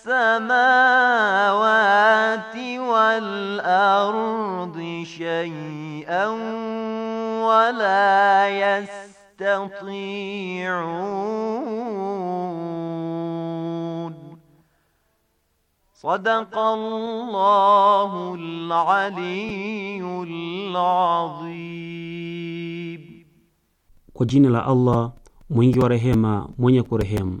السماوات والأرض شيئا ولا يستطيعون صدق الله العلي العظيم kwa jina la Allah mwingi wa rehema mwenye kurehemu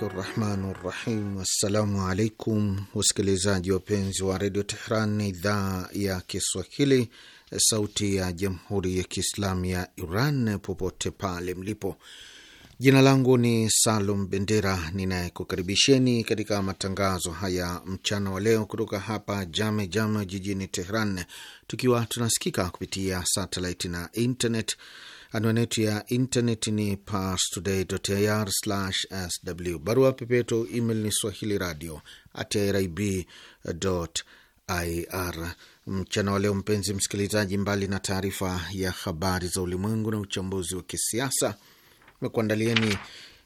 Bismillahi rahmani rahim. Assalamu alaikum wasikilizaji wapenzi wa redio Tehran, idhaa ya Kiswahili, sauti ya jamhuri ya kiislamu ya Iran, popote pale mlipo. Jina langu ni Salum Bendera ninayekukaribisheni katika matangazo haya mchana wa leo kutoka hapa Jame Jame jijini Tehran, tukiwa tunasikika kupitia satelit na internet Anwani yetu ya intaneti ni parstoday.ir/sw. Barua pepeto email ni swahili radio at irib.ir. Mchana wa leo, mpenzi msikilizaji, mbali na taarifa ya habari za ulimwengu na uchambuzi wa kisiasa, mekuandalieni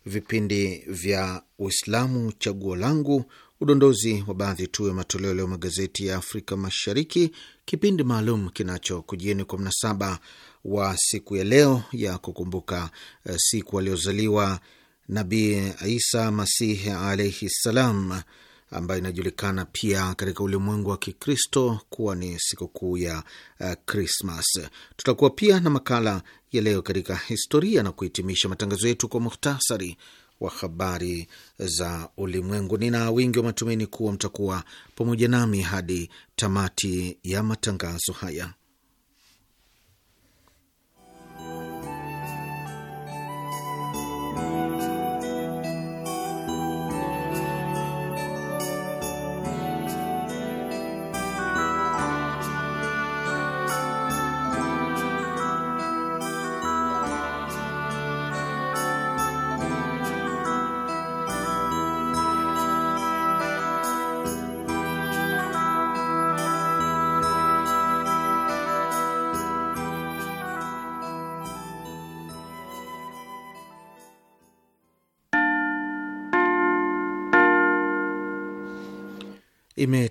vipindi vya Uislamu, chaguo langu, udondozi wa baadhi tu ya matoleo leo magazeti ya Afrika Mashariki, kipindi maalum kinachokujieni kwa mnasaba wa siku ya leo ya kukumbuka eh, siku aliozaliwa Nabii Isa Masihi alaihi ssalam, ambayo inajulikana pia katika ulimwengu wa Kikristo kuwa ni sikukuu ya Krismas. Eh, tutakuwa pia na makala ya leo katika historia na kuhitimisha matangazo yetu kwa muhtasari wa habari za ulimwengu. Nina wingi wa matumaini kuwa mtakuwa pamoja nami hadi tamati ya matangazo haya.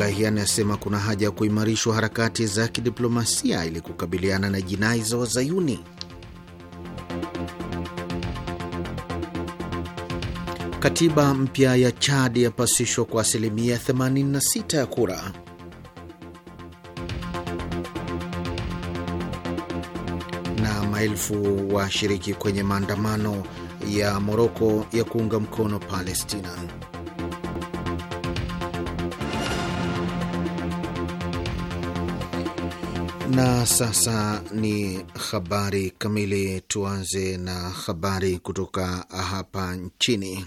Abdulahiani asema kuna haja ya kuimarishwa harakati za kidiplomasia ili kukabiliana na jinai za Wazayuni. Katiba mpya ya chad yapasishwa kwa asilimia 86 ya kura. Na maelfu washiriki kwenye maandamano ya Moroko ya kuunga mkono Palestina. Na sasa ni habari kamili. Tuanze na habari kutoka hapa nchini.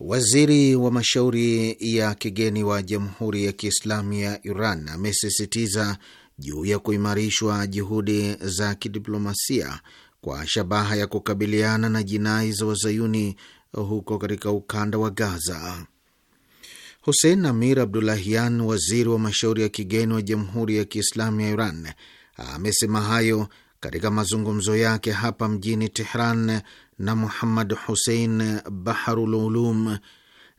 Waziri wa mashauri ya kigeni wa Jamhuri ya Kiislamu ya Iran amesisitiza juu ya kuimarishwa juhudi za kidiplomasia kwa shabaha ya kukabiliana na jinai za wazayuni huko katika ukanda wa Gaza. Hussein Amir Abdulahian, waziri wa mashauri ya kigeni wa Jamhuri ya Kiislamu ya Iran, amesema hayo katika mazungumzo yake hapa mjini Tehran na Muhammad Hussein Baharul Ulum,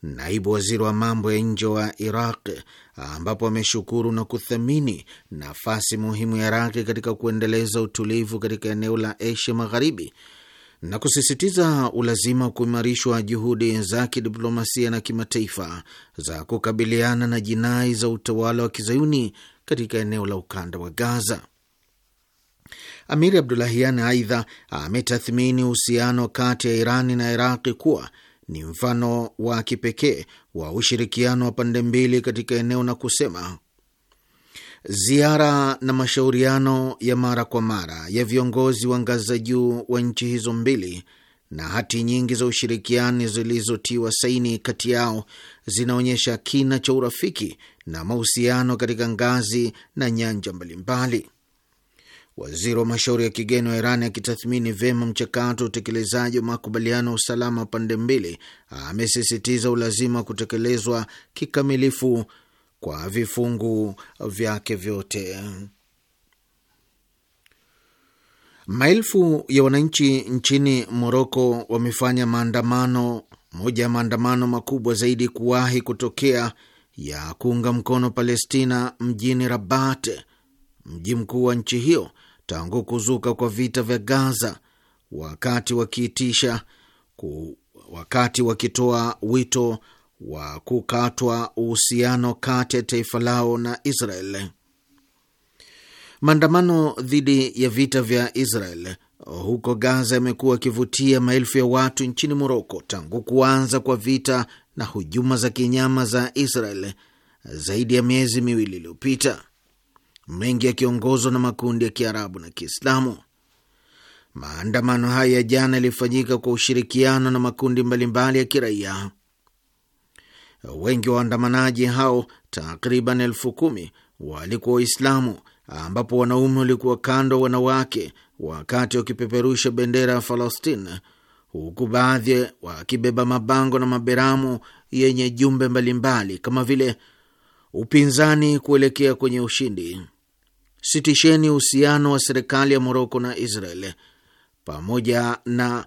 naibu waziri wa mambo ya nje wa Iraq, ambapo ameshukuru na kuthamini nafasi muhimu ya Iraqi katika kuendeleza utulivu katika eneo la Asia Magharibi na kusisitiza ulazima wa kuimarishwa juhudi za kidiplomasia na kimataifa za kukabiliana na jinai za utawala wa kizayuni katika eneo la ukanda wa Gaza. Amiri Abdulahian aidha ametathmini uhusiano kati ya Irani na Iraqi kuwa ni mfano wa kipekee wa ushirikiano wa pande mbili katika eneo na kusema Ziara na mashauriano ya mara kwa mara ya viongozi wa ngazi za juu wa nchi hizo mbili na hati nyingi za ushirikiani zilizotiwa saini kati yao zinaonyesha kina cha urafiki na mahusiano katika ngazi na nyanja mbalimbali. Waziri wa mashauri ya kigeni wa Iran akitathmini vyema mchakato wa utekelezaji wa makubaliano ya usalama wa pande mbili amesisitiza ulazima wa kutekelezwa kikamilifu kwa vifungu vyake vyote. Maelfu ya wananchi nchini Moroko wamefanya maandamano, moja ya maandamano makubwa zaidi kuwahi kutokea ya kuunga mkono Palestina mjini Rabat, mji mkuu wa nchi hiyo tangu kuzuka kwa vita vya Gaza, wakati wakiitisha ku, wakati wakitoa wito wa kukatwa uhusiano kati ya taifa lao na Israel. Maandamano dhidi ya vita vya Israel huko Gaza yamekuwa yakivutia maelfu ya watu nchini Moroko tangu kuanza kwa vita na hujuma za kinyama za Israel zaidi ya miezi miwili iliyopita, mengi yakiongozwa na makundi ya Kiarabu na Kiislamu. Maandamano haya jana yalifanyika kwa ushirikiano na makundi mbalimbali ya kiraia. Wengi wa waandamanaji hao takriban elfu kumi walikuwa Waislamu, ambapo wanaume walikuwa kando wanawake wakati wakipeperusha bendera ya Falastin, huku baadhi wakibeba mabango na maberamu yenye jumbe mbalimbali kama vile upinzani kuelekea kwenye ushindi, sitisheni uhusiano wa serikali ya Moroko na Israel, pamoja na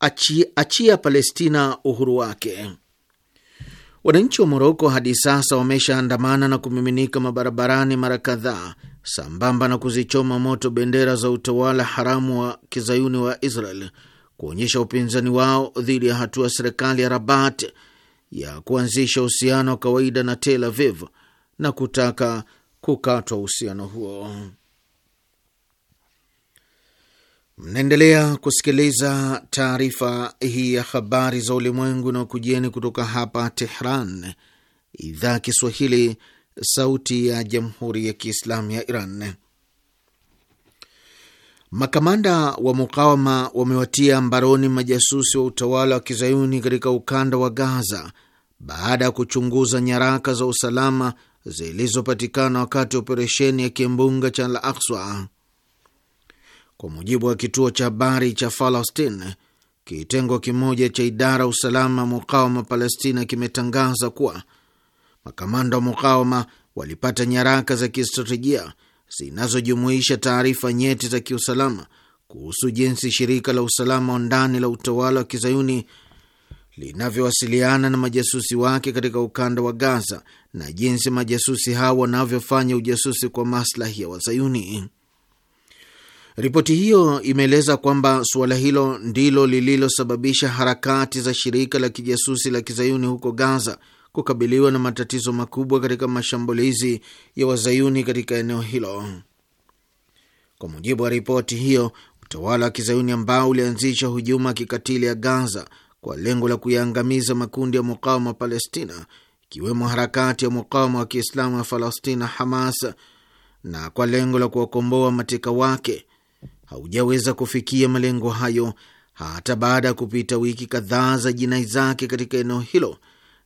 achia, achia Palestina uhuru wake. Wananchi wa Moroko hadi sasa wameshaandamana na kumiminika mabarabarani mara kadhaa, sambamba na kuzichoma moto bendera za utawala haramu wa kizayuni wa Israel kuonyesha upinzani wao dhidi ya hatua ya serikali ya Rabat ya kuanzisha uhusiano wa kawaida na Tel Aviv na kutaka kukatwa uhusiano huo. Mnaendelea kusikiliza taarifa hii ya habari za ulimwengu na ukujieni kutoka hapa Tehran, idhaa Kiswahili, sauti ya jamhuri ya kiislamu ya Iran. Makamanda wa mukawama wamewatia mbaroni majasusi wa utawala wa kizayuni katika ukanda wa Gaza baada ya kuchunguza nyaraka za usalama zilizopatikana wakati wa operesheni ya kimbunga cha al Akswa. Kwa mujibu wa kituo cha habari cha Falastin, kitengo kimoja cha idara ya usalama mukawama Palestina kimetangaza kuwa makamanda wa mukawama walipata nyaraka za kistratejia zinazojumuisha taarifa nyeti za kiusalama kuhusu jinsi shirika la usalama wa ndani la utawala wa kizayuni linavyowasiliana na majasusi wake katika ukanda wa Gaza na jinsi majasusi hao wanavyofanya ujasusi kwa maslahi ya Wazayuni. Ripoti hiyo imeeleza kwamba suala hilo ndilo lililosababisha harakati za shirika la kijasusi la kizayuni huko Gaza kukabiliwa na matatizo makubwa katika mashambulizi ya wazayuni katika eneo hilo. Kwa mujibu wa ripoti hiyo, utawala wa kizayuni ambao ulianzisha hujuma kikatili ya Gaza kwa lengo la kuyaangamiza makundi ya mukawama wa Palestina, ikiwemo harakati ya mukawama wa Kiislamu ya Falastina, Hamas, na kwa lengo la kuwakomboa mateka wake haujaweza kufikia malengo hayo hata baada ya kupita wiki kadhaa za jinai zake katika eneo hilo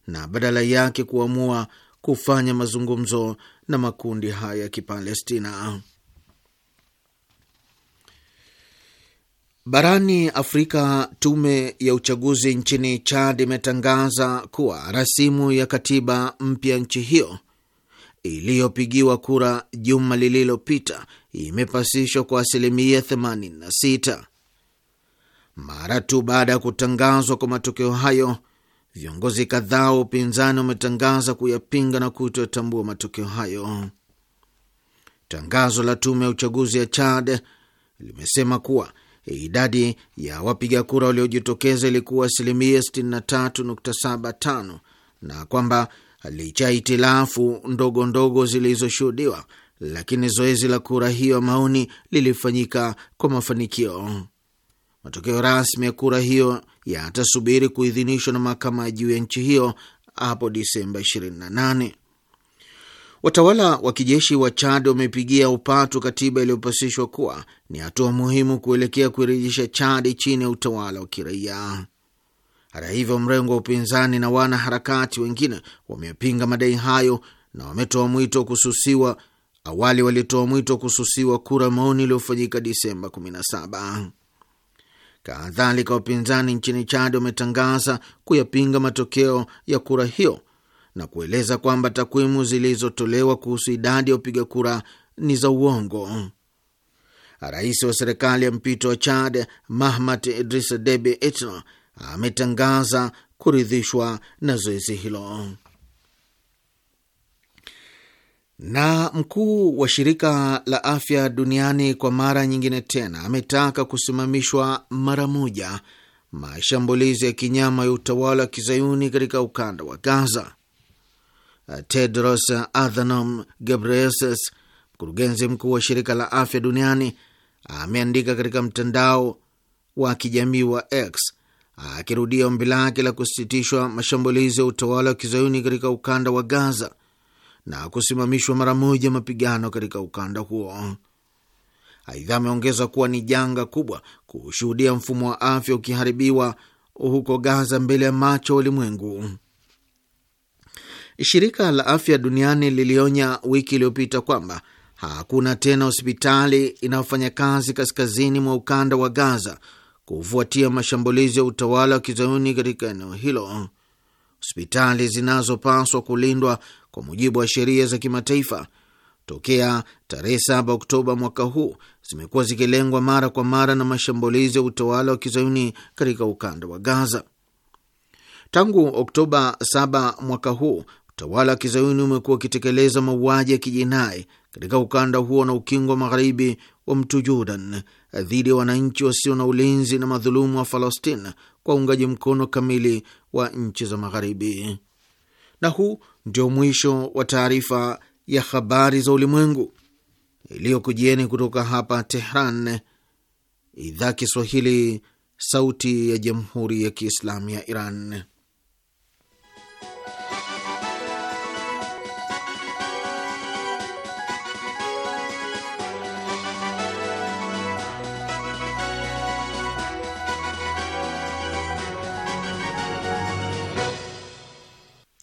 na badala yake kuamua kufanya mazungumzo na makundi haya ya Kipalestina. Barani Afrika, tume ya uchaguzi nchini Chad imetangaza kuwa rasimu ya katiba mpya nchi hiyo iliyopigiwa kura juma lililopita imepasishwa kwa asilimia 86. Mara tu baada ya kutangazwa kwa matokeo hayo, viongozi kadhaa wa upinzani wametangaza kuyapinga na kutotambua matokeo hayo. Tangazo la tume ya uchaguzi ya Chad limesema kuwa idadi ya wapiga kura waliojitokeza ilikuwa asilimia 63.75 na kwamba licha ya itilafu ndogo ndogo zilizoshuhudiwa lakini zoezi la kura hiyo maoni lilifanyika kwa mafanikio. Matokeo rasmi ya kura hiyo yatasubiri kuidhinishwa na mahakama ya juu ya nchi hiyo hapo Disemba 28. Watawala wa kijeshi wa Chad wamepigia upatu katiba iliyopasishwa kuwa ni hatua muhimu kuelekea kuirejesha Chad chini ya utawala wa kiraia. Hata hivyo, mrengo wa upinzani na wanaharakati wengine wamepinga madai hayo na wametoa mwito wa kususiwa awali walitoa mwito wa kususiwa kura maoni iliyofanyika Disemba 17. Kadhalika, wapinzani nchini Chad wametangaza kuyapinga matokeo ya kura hiyo na kueleza kwamba takwimu zilizotolewa kuhusu idadi ya wapiga kura ni za uongo. Rais wa serikali ya mpito wa Chad Mahamat Idris debi Itno ametangaza kuridhishwa na zoezi hilo. Na mkuu wa shirika la afya duniani kwa mara nyingine tena ametaka kusimamishwa mara moja mashambulizi ya kinyama ya utawala wa kizayuni katika ukanda wa Gaza. Tedros Adhanom Ghebreyesus, mkurugenzi mkuu wa shirika la afya duniani, ameandika katika mtandao wa kijamii wa X akirudia ombi lake la kusitishwa mashambulizi ya utawala wa kizayuni katika ukanda wa Gaza na kusimamishwa mara moja mapigano katika ukanda huo. Aidha, ameongeza kuwa ni janga kubwa kushuhudia mfumo wa afya ukiharibiwa huko Gaza mbele ya macho ulimwengu. Shirika la Afya Duniani lilionya wiki iliyopita kwamba hakuna tena hospitali inayofanya kazi kaskazini mwa ukanda wa Gaza kufuatia mashambulizi ya utawala wa kizayuni katika eneo hilo. Hospitali zinazopaswa kulindwa kwa mujibu wa sheria za kimataifa tokea tarehe 7 Oktoba mwaka huu zimekuwa zikilengwa mara kwa mara na mashambulizi ya utawala wa kizayuni katika ukanda wa Gaza. Tangu Oktoba 7 mwaka huu utawala wa kizayuni umekuwa ukitekeleza mauaji ya kijinai katika ukanda huo na ukingo wa magharibi wa mto Jordan dhidi ya wananchi wasio na ulinzi na madhulumu wa Falastin kwa uungaji mkono kamili wa nchi za magharibi. Na huu ndio mwisho wa taarifa ya habari za ulimwengu iliyokujieni kutoka hapa Tehran, idhaa Kiswahili, sauti ya jamhuri ya kiislamu ya Iran.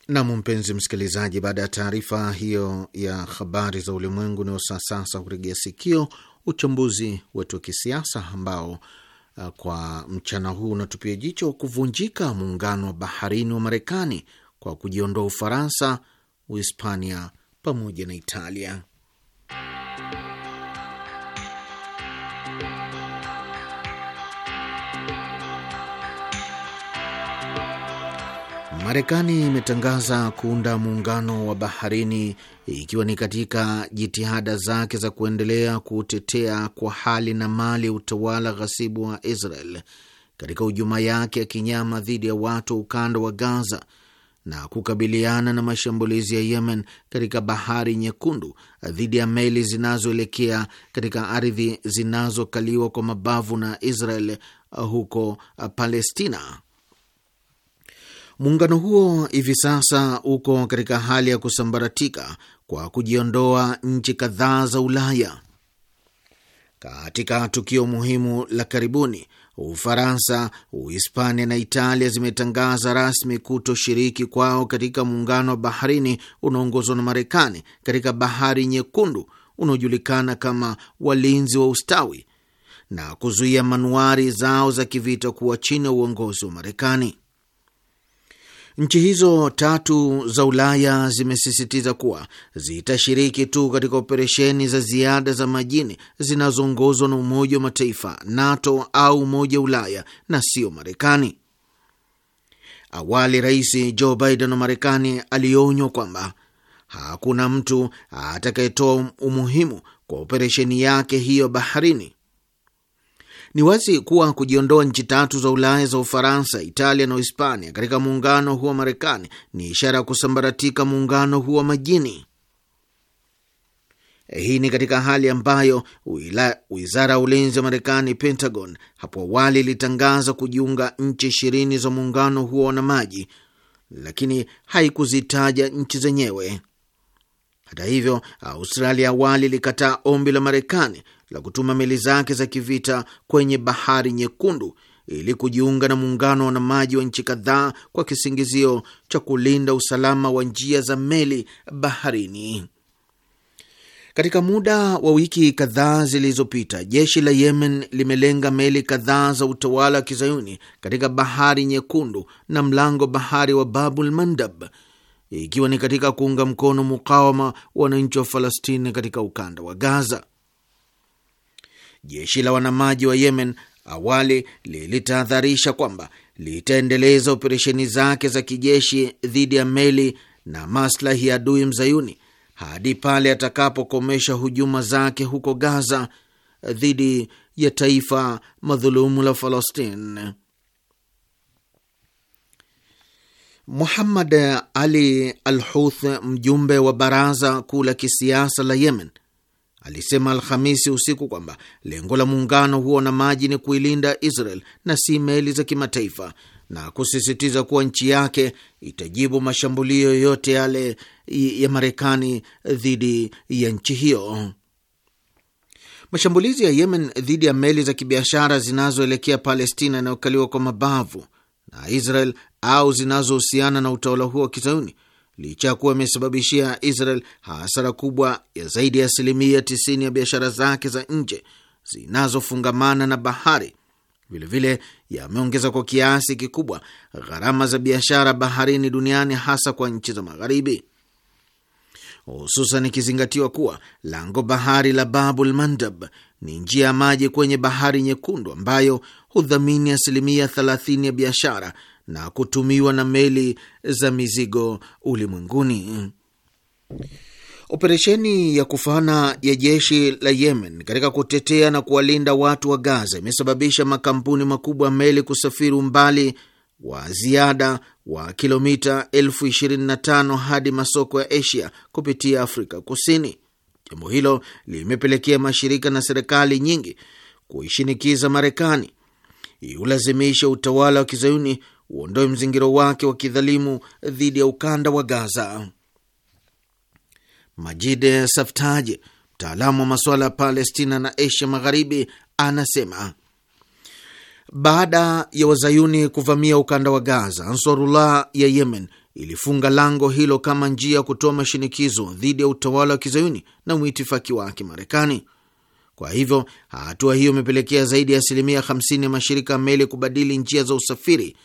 Nam, mpenzi msikilizaji, baada ya taarifa hiyo ya habari za ulimwengu, ni usasasa kuregea sikio uchambuzi wetu wa kisiasa ambao uh, kwa mchana huu unatupia jicho kuvunjika muungano wa baharini wa Marekani kwa kujiondoa Ufaransa, Uhispania pamoja na Italia. Marekani imetangaza kuunda muungano wa baharini ikiwa ni katika jitihada zake za kuendelea kutetea kwa hali na mali utawala ghasibu wa Israel katika hujuma yake ya kinyama dhidi ya watu ukanda wa Gaza na kukabiliana na mashambulizi ya Yemen katika bahari Nyekundu dhidi ya meli zinazoelekea katika ardhi zinazokaliwa kwa mabavu na Israel huko Palestina. Muungano huo hivi sasa uko katika hali ya kusambaratika kwa kujiondoa nchi kadhaa za Ulaya. Katika tukio muhimu la karibuni, Ufaransa, Uhispania na Italia zimetangaza rasmi kutoshiriki kwao katika muungano wa baharini unaoongozwa na Marekani katika Bahari Nyekundu unaojulikana kama Walinzi wa Ustawi na kuzuia manuari zao za kivita kuwa chini ya uongozi wa Marekani. Nchi hizo tatu za Ulaya zimesisitiza kuwa zitashiriki tu katika operesheni za ziada za majini zinazoongozwa na Umoja wa Mataifa, NATO au Umoja wa Ulaya na sio Marekani. Awali Rais Joe Biden wa Marekani alionywa kwamba hakuna mtu atakayetoa umuhimu kwa operesheni yake hiyo baharini ni wazi kuwa kujiondoa nchi tatu za Ulaya za Ufaransa, Italia na Hispania katika muungano huo wa Marekani ni ishara ya kusambaratika muungano huo wa majini. Eh, hii ni katika hali ambayo wizara ya ulinzi wa Marekani, Pentagon, hapo awali ilitangaza kujiunga nchi ishirini za muungano huo na maji lakini haikuzitaja nchi zenyewe. Hata hivyo, Australia awali ilikataa ombi la Marekani la kutuma meli zake za kivita kwenye bahari Nyekundu ili kujiunga na muungano wa wanamaji wa nchi kadhaa kwa kisingizio cha kulinda usalama wa njia za meli baharini. Katika muda wa wiki kadhaa zilizopita, jeshi la Yemen limelenga meli kadhaa za utawala wa kizayuni katika bahari Nyekundu na mlango bahari wa Babul Mandab, ikiwa ni katika kuunga mkono mukawama wa wananchi wa Falastini katika ukanda wa Gaza jeshi la wanamaji wa Yemen awali lilitahadharisha kwamba litaendeleza operesheni zake za kijeshi dhidi ya meli na maslahi ya adui mzayuni hadi pale atakapokomesha hujuma zake huko Gaza dhidi ya taifa madhulumu la Palestina. Muhammad Ali Al Huth, mjumbe wa baraza kuu la kisiasa la Yemen, alisema Alhamisi usiku kwamba lengo la muungano huo na maji ni kuilinda Israel na si meli za kimataifa, na kusisitiza kuwa nchi yake itajibu mashambulio yote yale ya Marekani dhidi ya nchi hiyo. Mashambulizi ya Yemen dhidi ya meli za kibiashara zinazoelekea Palestina yanayokaliwa kwa mabavu na Israel au zinazohusiana na utawala huo wa kizayuni licha ya kuwa imesababishia Israel hasara kubwa ya zaidi ya asilimia 90 ya biashara zake za nje zinazofungamana na bahari. Vilevile yameongeza kwa kiasi kikubwa gharama za biashara baharini duniani, hasa kwa nchi za Magharibi, hususan ikizingatiwa kuwa lango bahari la Babul Mandab ni njia ya maji kwenye bahari Nyekundu ambayo hudhamini asilimia 30 ya biashara na kutumiwa na meli za mizigo ulimwenguni. Operesheni ya kufana ya jeshi la Yemen katika kutetea na kuwalinda watu wa Gaza imesababisha makampuni makubwa ya meli kusafiri umbali wa ziada wa kilomita elfu 25 hadi masoko ya Asia kupitia Afrika Kusini. Jambo hilo limepelekea mashirika na serikali nyingi kuishinikiza Marekani iulazimisha utawala wa kizayuni uondoe mzingiro wake wa kidhalimu dhidi ya ukanda wa Gaza. Majide Saftaj, mtaalamu wa masuala ya Palestina na Asia Magharibi, anasema baada ya wazayuni kuvamia ukanda wa Gaza, Ansarullah ya Yemen ilifunga lango hilo kama njia ya kutoa mashinikizo dhidi ya utawala wa kizayuni na mwitifaki wake Marekani. Kwa hivyo hatua hiyo imepelekea zaidi ya asilimia 50 ya mashirika ya meli kubadili njia za usafiri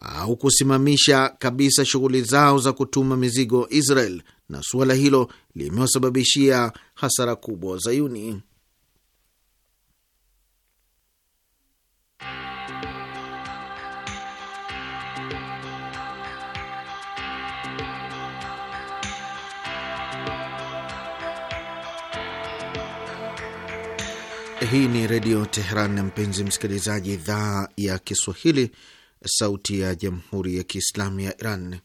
au kusimamisha kabisa shughuli zao za kutuma mizigo Israel, na suala hilo limewasababishia hasara kubwa zayuni Hii ni Redio Teheran na mpenzi msikilizaji, idhaa ya Kiswahili Sauti ya Jamhuri ya Kiislamu ya Iran.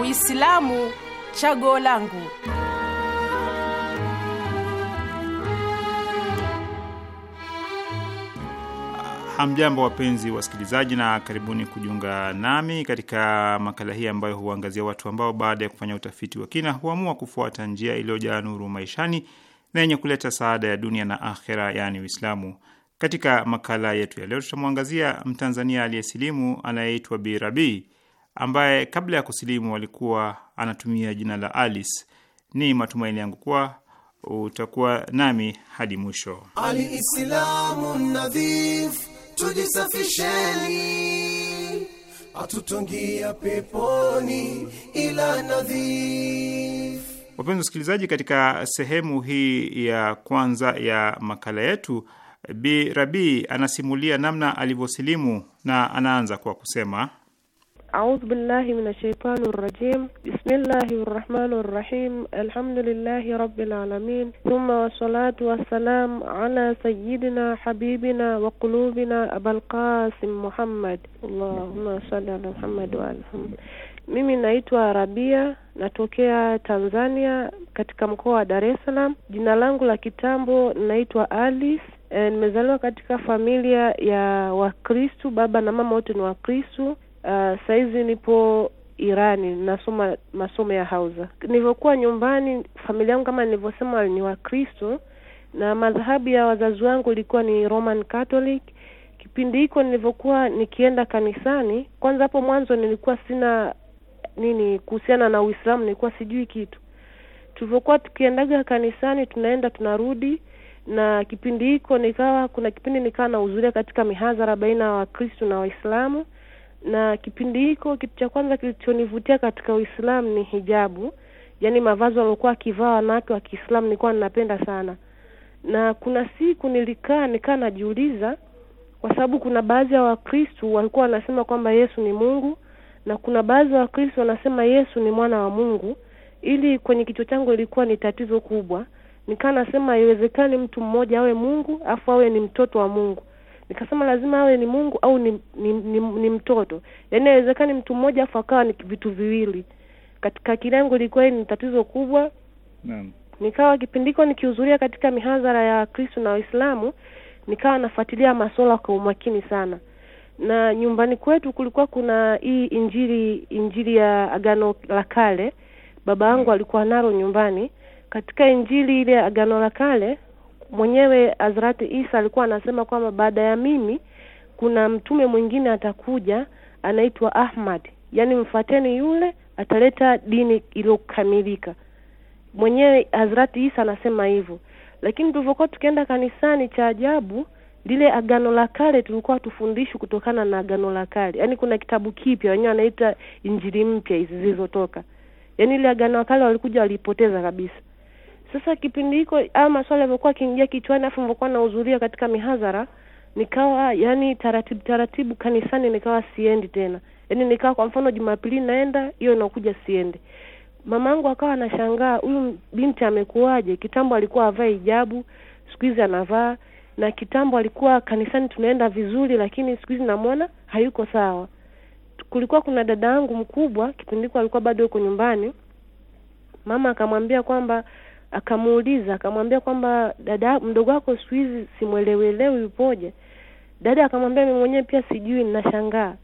Uislamu chaguo langu. Hamjambo, wapenzi wasikilizaji, na karibuni kujiunga nami katika makala hii ambayo huangazia watu ambao baada ya kufanya utafiti wa kina huamua kufuata njia iliyojaa nuru maishani na yenye kuleta saada ya dunia na akhera, yaani Uislamu. Katika makala yetu ya leo, tutamwangazia Mtanzania aliyesilimu anayeitwa Bi Rabii, ambaye kabla ya kusilimu alikuwa anatumia jina la Alice. Ni matumaini yangu kuwa utakuwa nami hadi mwisho tujisafisheni, atutungia peponi ila nadhifu. Wapenzi wasikilizaji, katika sehemu hii ya kwanza ya makala yetu, Bi Rabii anasimulia namna alivyosilimu na anaanza kwa kusema أعوذ بالله من الشيطان الرجيم بسم الله الرحمن الرحيم الحمد لله رب العالمين ثم والصلاة والسلام على سيدنا حبيبنا وقلوبنا أبا القاسم محمد اللهم صل على محمد وعلى Mimi naitwa arabia natokea Tanzania katika mkoa wa Dar es Salaam. Jina langu la kitambo naitwa Alice. Nimezaliwa katika familia ya Wakristu, baba na mama wote ni Wakristu. Ah, sahizi saizi nipo Irani nasoma masomo ya hauza. Nilivyokuwa nyumbani, familia yangu kama nilivyosema ni Wakristo na madhahabu ya wazazi wangu ilikuwa ni Roman Catholic. Kipindi hiko nilivyokuwa nikienda kanisani, kwanza hapo mwanzo nilikuwa sina nini kuhusiana na Uislamu, nilikuwa sijui kitu. Tulivyokuwa tukiendaga kanisani, tunaenda tunarudi, na kipindi hiko nikawa kuna kipindi nikawa nahudhuria katika mihadhara baina ya Wakristo na Waislamu na kipindi hiko, kitu cha kwanza kilichonivutia katika Uislamu ni hijabu, yaani mavazi waliokuwa akivaa wanawake wa Kiislamu nilikuwa ninapenda sana. Na kuna siku nilikaa nikaa najiuliza, kwa sababu kuna baadhi ya Wakristo walikuwa wanasema kwamba Yesu ni Mungu na kuna baadhi ya Wakristo wanasema Yesu ni mwana wa Mungu, ili kwenye kichwa changu ilikuwa ni tatizo kubwa. Nikaa nasema haiwezekani mtu mmoja awe Mungu afu awe ni mtoto wa Mungu nikasema lazima awe ni Mungu au ni ni, ni, ni mtoto. Yaani haiwezekani mtu mmoja afu akawa ni vitu viwili. Katika akili yangu ilikuwa ni tatizo kubwa. Naam. Nikawa kipindiko nikihudhuria katika mihadhara ya Kristo na Waislamu, nikawa nafuatilia masuala kwa umakini sana na nyumbani kwetu kulikuwa kuna hii injili injili ya agano la kale baba yangu alikuwa nalo nyumbani katika injili ile agano la kale mwenyewe Hazrati Isa alikuwa anasema kwamba baada ya mimi kuna mtume mwingine atakuja anaitwa Ahmad, yaani mfateni yule ataleta dini iliyokamilika. Mwenyewe Hazrati Isa anasema hivyo, lakini tulivyokuwa tukienda kanisani, cha ajabu lile Agano la Kale tulikuwa tufundishwi kutokana na Agano la Kale, yaani kuna kitabu kipya wenyewe anaita Injili mpya hizi zilizotoka, yaani ile Agano la Kale walikuja walipoteza kabisa. Sasa kipindi hiko haya maswali yamekuwa akiingia kichwani, afu nilivyokuwa nahudhuria katika mihadhara, nikawa yani taratibu taratibu kanisani nikawa siendi tena, yani nikawa kwa mfano Jumapili naenda hiyo inakuja siendi. Mamangu akawa anashangaa huyu binti amekuwaje? Kitambo alikuwa avae hijabu, siku hizi anavaa, na kitambo alikuwa kanisani tunaenda vizuri, lakini siku hizi namwona hayuko sawa. Kulikuwa kuna dada yangu mkubwa, kipindi hiko alikuwa bado yuko nyumbani, mama akamwambia kwamba akamuuliza akamwambia kwamba dada mdogo wako siku hizi simwelewelewi upoje dada akamwambia mimi mwenyewe pia sijui ninashangaa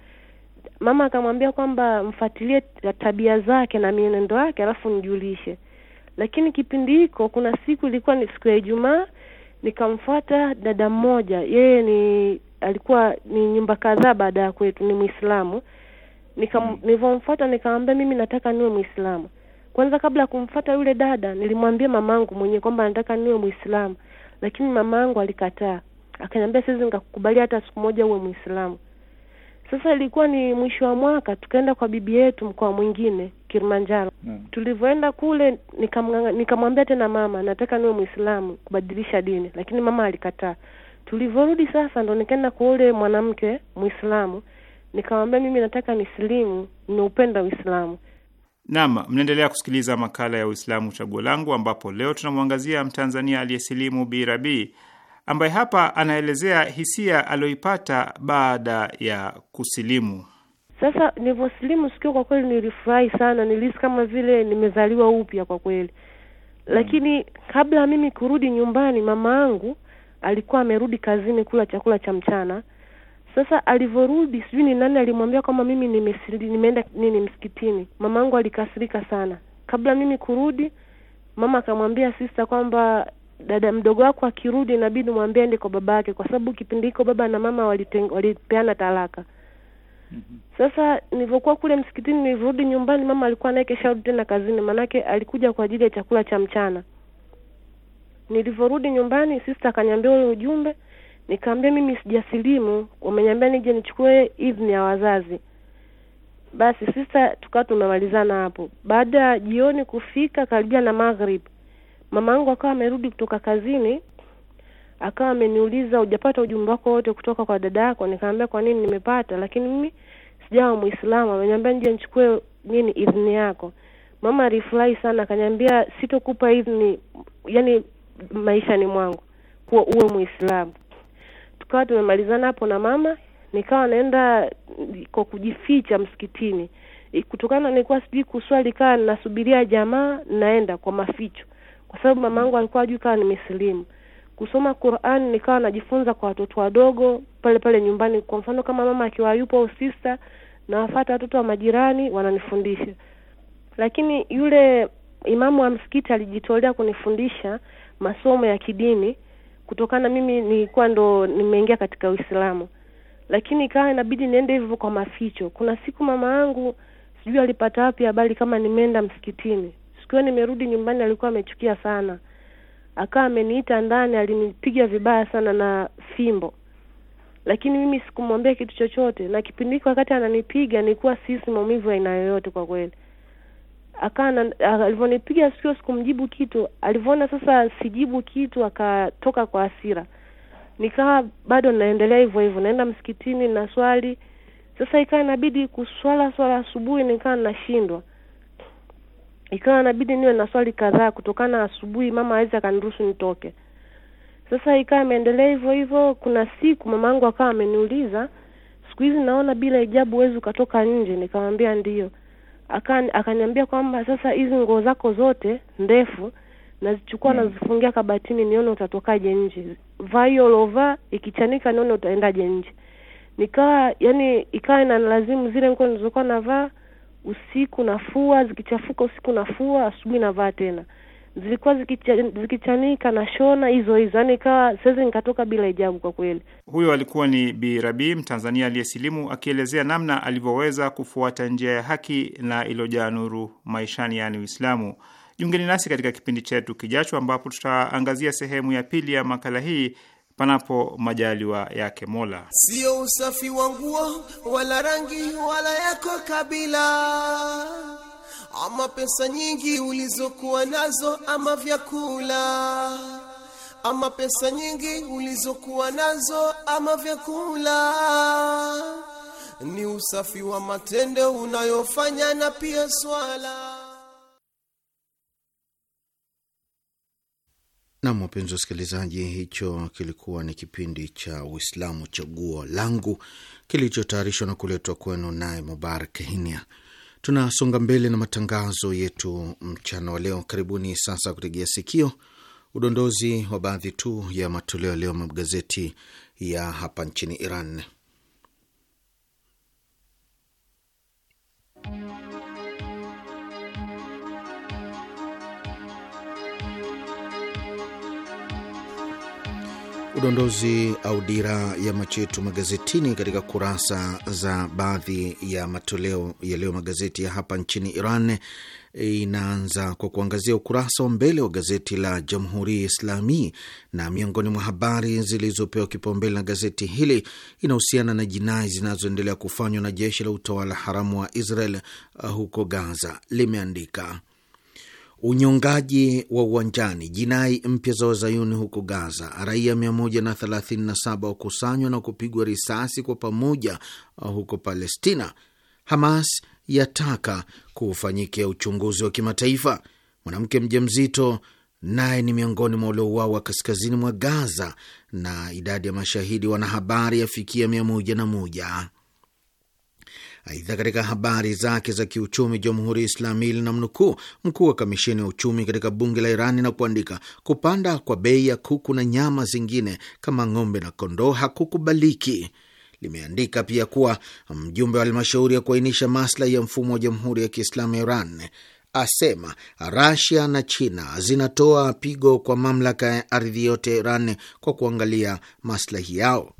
mama akamwambia kwamba mfuatilie tabia zake na mienendo yake alafu nijulishe lakini kipindi hiko kuna siku ilikuwa ni siku ya ijumaa nikamfuata dada mmoja yeye ni alikuwa ni nyumba kadhaa baada ya kwetu ni mwislamu nilivyomfuata nikamwambia mimi nataka niwe mwislamu kwanza kabla ya kumfata yule dada, nilimwambia mamangu mwenye kwamba nataka niwe Muislamu, lakini mamangu alikataa, akaniambia siwezi nikakukubalia hata siku moja uwe Muislamu. Sasa ilikuwa ni mwisho wa mwaka, tukaenda kwa bibi yetu mkoa mwingine Kilimanjaro. Mm. Tulivyoenda kule nikamwambia tena mama, nataka niwe Muislamu kubadilisha dini, lakini mama alikataa. Tulivyorudi sasa, ndo nikaenda kwa ule mwanamke Muislamu, nikamwambia mimi nataka nisilimu, nimeupenda Uislamu. Naam, mnaendelea kusikiliza makala ya Uislamu Chaguo Langu, ambapo leo tunamwangazia Mtanzania aliyesilimu Bi Rabii ambaye hapa anaelezea hisia aliyoipata baada ya kusilimu. Sasa nilivyosilimu sikio, kwa kweli nilifurahi sana, nilihisi kama vile nimezaliwa upya kwa kweli. Lakini kabla mimi kurudi nyumbani, mama yangu alikuwa amerudi kazini kula chakula cha mchana sasa alivyorudi, sijui ni nani alimwambia kwamba mimi nimeenda nini msikitini. Mamangu alikasirika sana. Kabla mimi kurudi, mama akamwambia sista kwamba dada mdogo wako akirudi inabidi mwambie ende kwa baba yake, kwa sababu kipindi hiko baba na mama walipeana talaka. Mm-hmm. Sasa nilivyokuwa kule msikitini, nilivyorudi nyumbani, mama alikuwa naye kesha rudi tena kazini, maanake alikuja kwa ajili ya chakula cha mchana. Nilivyorudi nyumbani, sista akaniambia ule ujumbe Nikamwambia mimi sijasilimu, wameniambia nije nichukue idhini ya wazazi. Basi sista tukawa tumemalizana hapo. Baada ya jioni kufika karibia na maghrib, mama yangu akawa amerudi kutoka kazini, akawa ameniuliza hujapata ujumbe wako wote kutoka kwa dada yako? Nikaambia kwa nini, nimepata lakini mimi sijawa Muislamu. Ameniambia nije nichukue nini idhini yako. Mama alifurahi sana, akaniambia sitokupa idhini, yani maishani mwangu kuwa uwe Muislamu tukawa tumemalizana hapo na mama, nikawa naenda kwa kujificha msikitini kutokana nilikuwa sijui kuswali, kaa nasubiria jamaa, naenda kwa maficho, kwa sababu mama angu alikuwa ajui kawa nimesilimu. Kusoma Qur'an nikawa najifunza kwa watoto wadogo pale pale nyumbani. Kwa mfano kama mama akiwa yupo au sister, nawafuata watoto wa majirani wananifundisha. Lakini yule imamu wa msikiti alijitolea kunifundisha masomo ya kidini kutokana mimi nilikuwa ndo nimeingia katika Uislamu, lakini ikawa inabidi niende hivyo kwa maficho. Kuna siku mama yangu sijui alipata wapi habari kama nimeenda msikitini. Siku hiyo nimerudi nyumbani, alikuwa amechukia sana, akawa ameniita ndani, alinipiga vibaya sana na fimbo, lakini mimi sikumwambia kitu chochote. Na kipindi hiki wakati ananipiga, nilikuwa sihisi maumivu aina yoyote kwa kweli, akana alivyonipiga sikio sikumjibu kitu, alivyoona sasa sijibu kitu akatoka kwa hasira. Nikawa bado naendelea hivyo hivyo, naenda msikitini na swali. Sasa ikawa inabidi kuswala swala asubuhi, nikawa nashindwa, ikawa inabidi niwe na swali kadhaa kutokana asubuhi, mama awezi akaniruhusu nitoke. Sasa ikawa imeendelea hivyo hivyo. Kuna siku mamangu akawa ameniuliza, siku hizi naona bila hijabu huwezi ukatoka nje. Nikamwambia ndiyo akaniambia kwamba sasa hizi nguo zako zote ndefu nazichukua mm. nazifungia kabatini nione utatokaje nje vaa hiyo ulovaa ikichanika nione utaendaje nje nikawa yani ikawa inanilazimu zile nguo nilizokuwa navaa usiku nafua zikichafuka usiku nafua asubuhi navaa tena zilikuwa zikichanika na shona hizo hizo, yani ikawa siwezi nikatoka bila hijabu kwa kweli. Huyo alikuwa ni Bi rabi Mtanzania aliyesilimu akielezea namna alivyoweza kufuata njia ya haki na iliyojaa nuru maishani, yaani Uislamu. Jiungeni nasi katika kipindi chetu kijacho, ambapo tutaangazia sehemu ya pili ya makala hii panapo majaliwa yake Mola. Sio usafi wa nguo wala rangi wala yako kabila ama pesa nyingi ulizokuwa nazo ama vyakula ama pesa nyingi ulizokuwa nazo ama vyakula ni usafi wa matendo unayofanya na pia swala Nam, wapenzi wasikilizaji, hicho kilikuwa ni kipindi cha Uislamu Chaguo Langu kilichotayarishwa na kuletwa kwenu naye Mubarak Hinia. Tunasonga mbele na matangazo yetu mchana wa leo. Karibuni sasa kutegea sikio udondozi wa baadhi tu ya matoleo leo magazeti ya hapa nchini Iran. udondozi au dira ya machetu magazetini katika kurasa za baadhi ya matoleo ya leo magazeti ya hapa nchini Iran inaanza kwa kuangazia ukurasa wa mbele wa gazeti la Jamhuri Islami, na miongoni mwa habari zilizopewa kipaumbele na gazeti hili inahusiana na jinai zinazoendelea kufanywa na jeshi la utawala haramu wa Israel uh, huko Gaza, limeandika Unyongaji wa uwanjani, jinai mpya za wazayuni huko Gaza, raia 137 wakusanywa na kupigwa risasi kwa pamoja uh, huko Palestina, Hamas yataka kuufanyikia uchunguzi wa kimataifa. Mwanamke mjamzito naye ni miongoni mwa waliouawa kaskazini mwa Gaza, na idadi ya mashahidi wanahabari yafikia mia Aidha, katika habari zake za kiuchumi, Jamhuri ya Islami linamnukuu mkuu wa kamisheni ya uchumi katika bunge la Irani na kuandika, kupanda kwa bei ya kuku na nyama zingine kama ng'ombe na kondoo hakukubaliki. Limeandika pia kuwa mjumbe wa halmashauri ya kuainisha maslahi ya mfumo wa Jamhuri ya Kiislamu ya Iran asema Rasia na China zinatoa pigo kwa mamlaka ya ardhi yote Iran kwa kuangalia maslahi yao.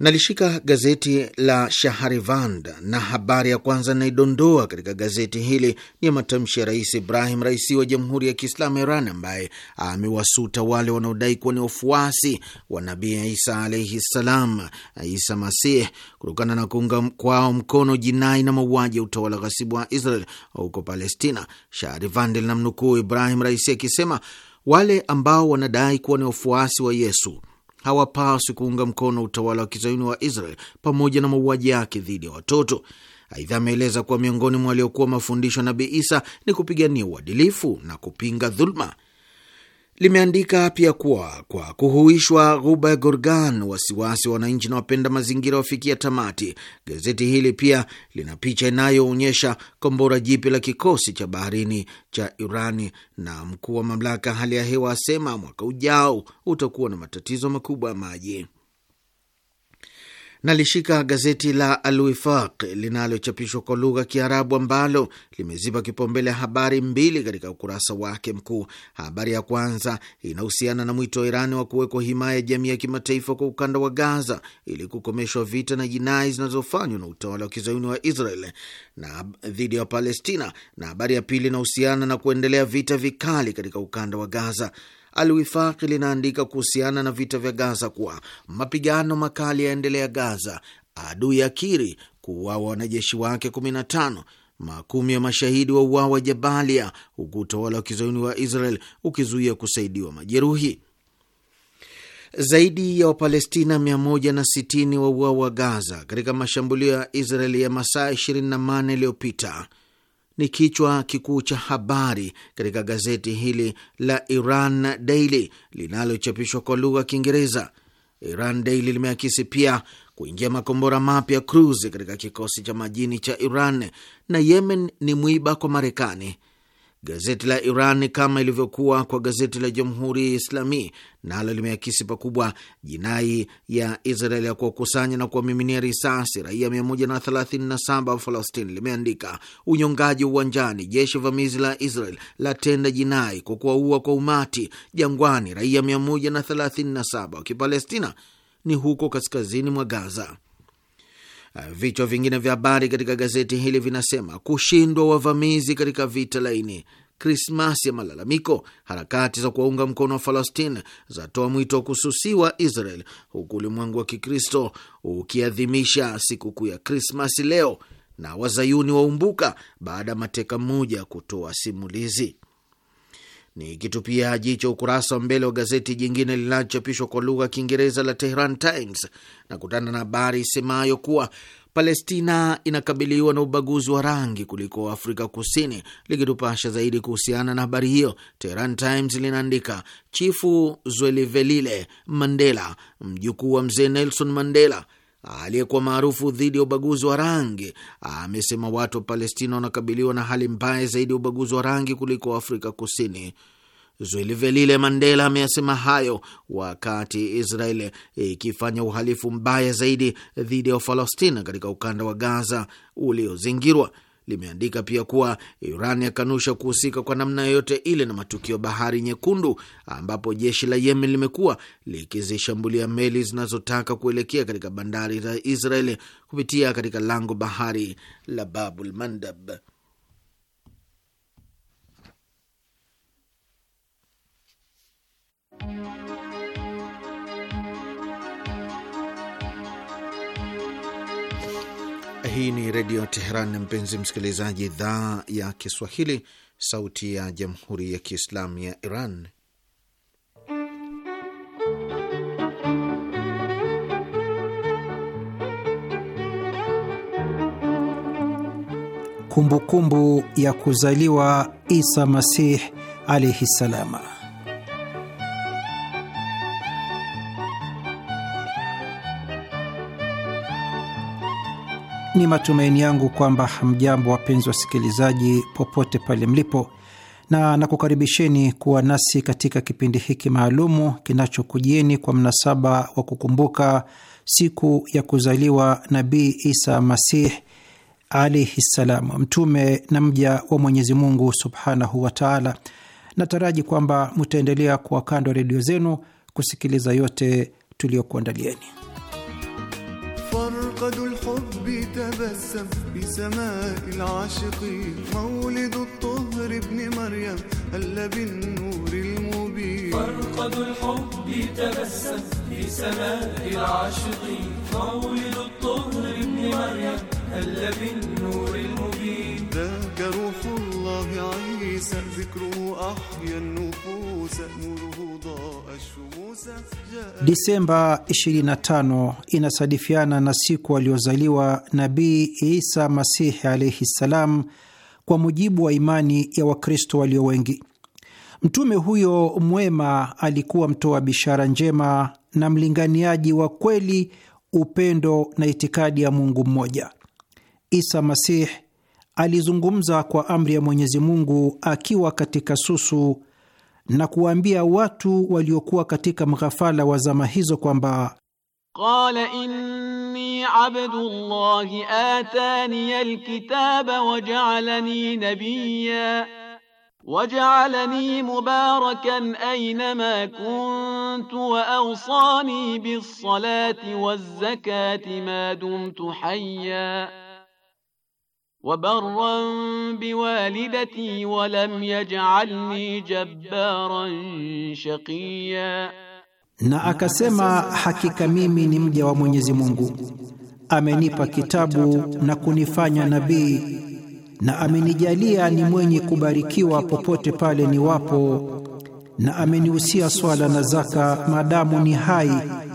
Nalishika gazeti la Shaharivand na habari ya kwanza naidondoa katika gazeti hili ni ya matamshi ya Rais Ibrahim Raisi wa Jamhuri ya Kiislamu Iran, ambaye amewasuta wale wanaodai kuwa ni wafuasi wa Nabii Isa alaihi ssalam, Isa Masih, kutokana na kuunga kwao mkono jinai na mauaji ya utawala ghasibu wa Israel huko Palestina. Shaharivand linamnukuu Ibrahim Raisi akisema wale ambao wanadai kuwa ni wafuasi wa Yesu hawapaswi kuunga mkono utawala wa kizayuni wa Israel pamoja na mauaji yake dhidi ya watoto. Aidha, ameeleza kuwa miongoni mwa waliokuwa mafundisho ya Nabii Isa ni kupigania uadilifu na kupinga dhuluma limeandika pia kuwa kwa kuhuishwa ghuba ya Gorgan, wasiwasi wa wananchi na wapenda mazingira wafikia tamati. Gazeti hili pia lina picha inayoonyesha kombora jipya la kikosi cha baharini cha Irani, na mkuu wa mamlaka hali ya hewa asema mwaka ujao utakuwa na matatizo makubwa ya maji. Nalishika gazeti la Al Wifaq linalochapishwa kwa lugha ya Kiarabu ambalo limezipa kipaumbele habari mbili katika ukurasa wake mkuu. Habari ya kwanza inahusiana na mwito wa Irani wa kuwekwa himaya ya jamii ya kimataifa kwa ukanda wa Gaza ili kukomeshwa vita na jinai zinazofanywa na utawala wa kizayuni wa Israel na dhidi ya Palestina, na habari ya pili inahusiana na kuendelea vita vikali katika ukanda wa Gaza. Alwifaqi linaandika kuhusiana na vita vya Gaza kuwa mapigano makali yaendelea Gaza, adui akiri kuuawa wanajeshi wake 15 makumi ya mashahidi wa uawa Jabalia, huku utawala wa kizayuni wa Israel ukizuia kusaidiwa majeruhi. Zaidi ya Wapalestina 160 wa uawa Gaza katika mashambulio ya Israel ya masaa 28 yaliyopita ni kichwa kikuu cha habari katika gazeti hili la Iran Daily linalochapishwa kwa lugha ya Kiingereza. Iran Daily limeakisi pia kuingia makombora mapya cruise katika kikosi cha majini cha Iran, na Yemen ni mwiba kwa Marekani. Gazeti la Iran kama ilivyokuwa kwa gazeti la Jamhuri ya Islami nalo limeakisi pakubwa jinai ya Israel ya kuwakusanya na kuwamiminia risasi raia 137 Falastini. Limeandika unyongaji uwanjani, jeshi vamizi la Israel latenda jinai kwa kuwaua kwa umati jangwani raia 137 wa Kipalestina ni huko kaskazini mwa Gaza. Uh, vichwa vingine vya habari katika gazeti hili vinasema: kushindwa wavamizi katika vita laini, Krismasi ya malalamiko, harakati za kuwaunga mkono wa Falastini zatoa mwito wa kususiwa Israel, huku ulimwengu wa Kikristo ukiadhimisha sikukuu ya Krismasi leo, na wazayuni waumbuka baada ya mateka mmoja kutoa simulizi ni Nikitupia jicho ukurasa wa mbele wa gazeti jingine linalochapishwa kwa lugha ya Kiingereza la Tehran Times na kutana na habari isemayo kuwa Palestina inakabiliwa na ubaguzi wa rangi kuliko Afrika Kusini. Likitupasha zaidi kuhusiana na habari hiyo, Tehran Times linaandika Chifu Zwelivelile Mandela, mjukuu wa mzee Nelson Mandela aliyekuwa maarufu dhidi ya ubaguzi wa rangi amesema watu wa Palestina wanakabiliwa na hali mbaya zaidi ya ubaguzi wa rangi kuliko Afrika Kusini. Zwelivelile Mandela ameyasema hayo wakati Israeli ikifanya uhalifu mbaya zaidi dhidi ya Wafalostina katika ukanda wa Gaza uliozingirwa limeandika pia kuwa Iran yakanusha kuhusika kwa namna yoyote ile na matukio Bahari Nyekundu, ambapo jeshi la Yemen limekuwa likizishambulia meli zinazotaka kuelekea katika bandari za Israeli kupitia katika lango bahari la Babul Mandab. Hii ni Redio Teheran, mpenzi msikilizaji, idhaa ya Kiswahili, sauti ya Jamhuri ya Kiislamu ya Iran. Kumbukumbu kumbu ya kuzaliwa Isa Masih alaihi ssalama. Ni matumaini yangu kwamba hamjambo, wapenzi wasikilizaji, popote pale mlipo, na nakukaribisheni kuwa nasi katika kipindi hiki maalumu kinachokujieni kwa mnasaba wa kukumbuka siku ya kuzaliwa Nabii Isa Masih alaihi ssalam, mtume na mja wa Mwenyezi Mungu subhanahu wa taala. Nataraji kwamba mutaendelea kuwa kando redio zenu kusikiliza yote tuliyokuandalieni. منقد الحب تبسم بسماء العاشقين مولد الطهر ابن مريم هل بالنور المبين منقد الحب تبسم بسماء العاشقين مولد الطهر ابن مريم هل بالنور المبين ذاك روح الله عيسى ذكره أحيا النور Disemba 25 inasadifiana na siku aliyozaliwa Nabii Isa Masihi alaihi ssalam, kwa mujibu wa imani ya Wakristo walio wengi. Mtume huyo mwema alikuwa mtoa bishara njema na mlinganiaji wa kweli, upendo na itikadi ya Mungu mmoja. Isa Masih alizungumza kwa amri ya Mwenyezi Mungu akiwa katika susu na kuwaambia watu waliokuwa katika mghafala wa zama hizo kwamba qala inni abdullahi ataniya alkitaba wajaalani nabiyya wajaalani mubarakan aynama kuntu wa awsani bis salati waz zakati ma dumtu hayya wabarran biwalidati walam yajalni jabbaran shaqiya, na akasema hakika mimi ni mja wa Mwenyezi Mungu, amenipa kitabu na kunifanya nabii na amenijalia ni mwenye kubarikiwa popote pale niwapo, na amenihusia swala na zaka maadamu ni hai,